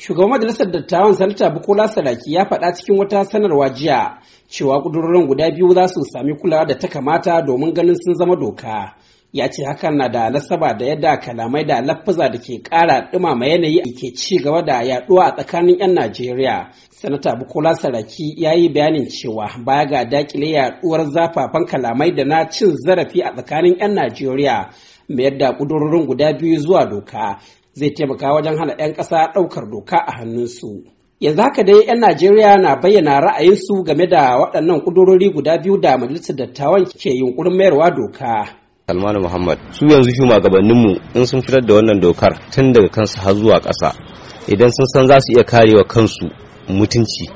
Shugaban Majalisar Dattawan Sanata Bukola Saraki ya faɗa cikin wata sanarwa jiya cewa ƙudurorin guda biyu za su sami kulawa da ta kamata domin ganin sun zama doka. Ya ce hakan na da nasaba da yadda kalamai da lafaza da ke ƙara ɗumama yanayi ke ci gaba da yaɗuwa a tsakanin 'yan Najeriya. Sanata Bukola Saraki ya yi bayanin cewa baya ga dakile yaɗuwar zafafan kalamai da na cin zarafi a tsakanin 'yan Najeriya mayar da ƙudurorin guda biyu zuwa doka zai taimaka wajen hana 'yan ƙasa ɗaukar doka a hannunsu. Yanzu haka dai 'yan Najeriya na bayyana ra'ayinsu game da waɗannan ƙudurori guda biyu da majalisar dattawan ke yunƙurin mayarwa doka. Salmanu Muhammad su yanzu shugabanninmu in sun fitar da wannan dokar tun daga kansu har zuwa ƙasa idan sun san za su iya karewa kansu mutunci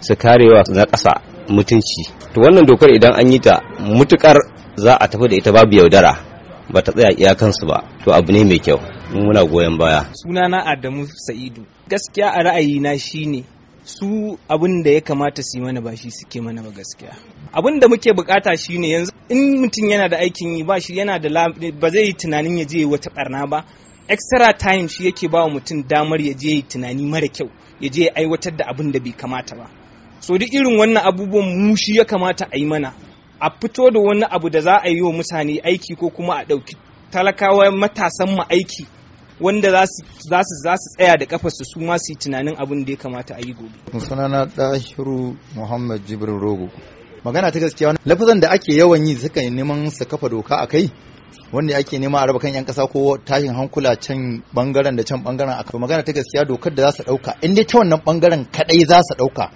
su karewa na ƙasa mutunci to wannan dokar idan an yi ta mutukar za a tafi da ita babu yaudara ba ta tsaya iyakansu ba to abu ne mai kyau muna goyon baya sunana adamu sa'idu gaskiya a ra'ayina shine su abin da ya kamata su yi mana ba shi suke mana ba gaskiya abin da muke bukata shine yanzu in mutum yana da aikin yi ba shi yana da ba zai yi tunanin ya je wata barna ba extra time shi yake ba wa mutum damar ya je tunani mara kyau ya je aiwatar da abin da bai kamata ba so duk irin wannan abubuwan mu shi ya kamata a yi mana a fito da wani abu da za a yi wa mutane aiki ko kuma a ɗauki talakawa matasan mu aiki wanda za su tsaya da kafa su ma su yi tunanin abin da ya kamata a yi gobe. sunana ɗahiru muhammad jibrin rogo magana ta gaskiya lafazan da ake yawan yi suka neman su kafa doka a kai wanda ake nema a raba kan yan kasa ko tashin hankula can bangaren da can bangaren a magana ta gaskiya dokar da za su dauka in dai ta wannan bangaren kadai za su dauka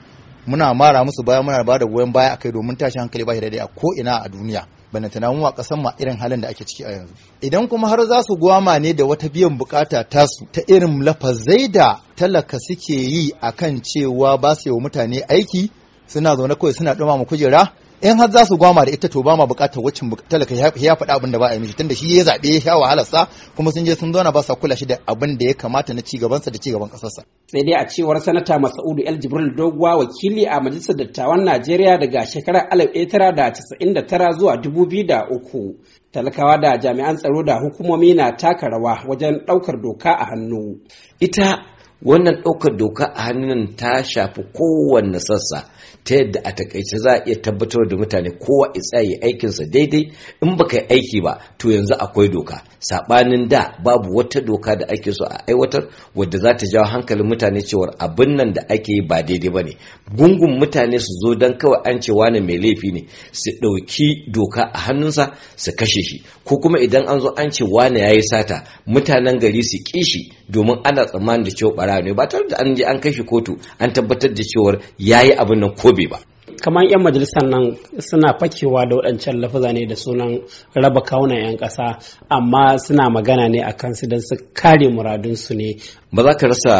muna mara musu baya muna ba da goyon baya akai domin tashin hankali ba shi daidai a ko ina a duniya bana tana mu kasan ma irin halin da ake ciki a yanzu idan kuma har za su gwama ne da wata biyan bukata tasu ta irin lafazai da talaka suke yi akan cewa ba su yi wa mutane aiki suna zaune kawai suna ɗumama kujera in har za su gwama da ita to ba ma bukatar wacin talaka ya faɗa abin da ba a yi mishi tunda shi ya zaɓe ya sha wahalar sa kuma sun je sun zauna ba sa kula shi da abin da ya kamata na ci gabansa da ci gaban ƙasarsa. sai dai a cewar sanata masaudu el jibril dogwa wakili a majalisar dattawan najeriya daga shekarar alif da casa'in da tara zuwa dubu biyu da uku talakawa da jami'an tsaro da hukumomi na taka rawa wajen ɗaukar doka a hannu ita wannan ɗaukar doka a hannun ta shafi kowanne sassa ta yadda a takaice za a iya tabbatar da mutane kowa isa yi aikinsa daidai in baka yi aiki ba to yanzu akwai doka saɓanin da babu wata doka da ake so a aiwatar wadda za ta jawo hankalin mutane cewar abin nan da ake yi ba daidai ba ne gungun mutane su zo don kawai an ce wani mai laifi ne su ɗauki doka a hannunsa su kashe shi ko kuma idan an zo an ce wani ya yi sata mutanen gari su ƙi shi domin ana tsammanin da cewa bara ne ba tare da an je an kai shi kotu an tabbatar da cewa yayi abin nan ko bai ba kamar 'yan majalisar nan suna fakewa da waɗancan lafaza ne da sunan raba kawunan 'yan ƙasa amma suna magana ne a su don su kare muradunsu ne ba za ka rasa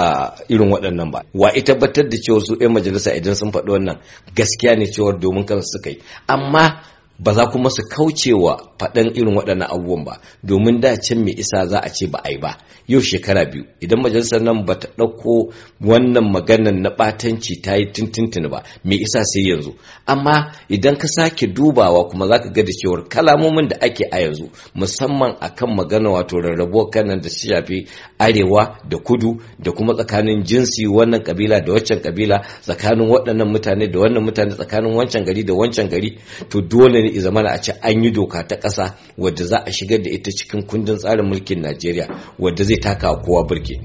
irin waɗannan ba wa ita tabbatar da cewa su 'yan majalisa idan sun faɗi wannan gaskiya ne cewar domin kansu suka yi amma ba za kuma su kaucewa faɗan irin waɗannan abubuwan ba domin da can mai isa za a ce ba a yi ba yau shekara biyu idan majalisar nan ba ta ɗauko wannan maganan na ɓatanci ta yi tintintin ba mai isa sai yanzu amma idan ka sake dubawa kuma za ka ga da cewar kalamomin da ake a yanzu musamman a kan magana wato rarrabuwar kanan da su shafi arewa da kudu da kuma tsakanin jinsi wannan kabila da waccan kabila tsakanin waɗannan mutane da wannan mutane tsakanin wancan gari da wancan gari to dole ne zamana a ce an yi doka ta ƙasa wadda za a shigar da ita cikin kundin tsarin mulkin najeriya wadda zai taka kowa birki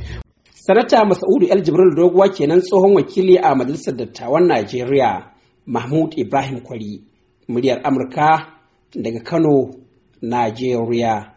sanata masaudu el jibril doguwa kenan tsohon wakili a majalisar dattawan najeriya mahmud ibrahim kwari muryar amurka daga kano najeriya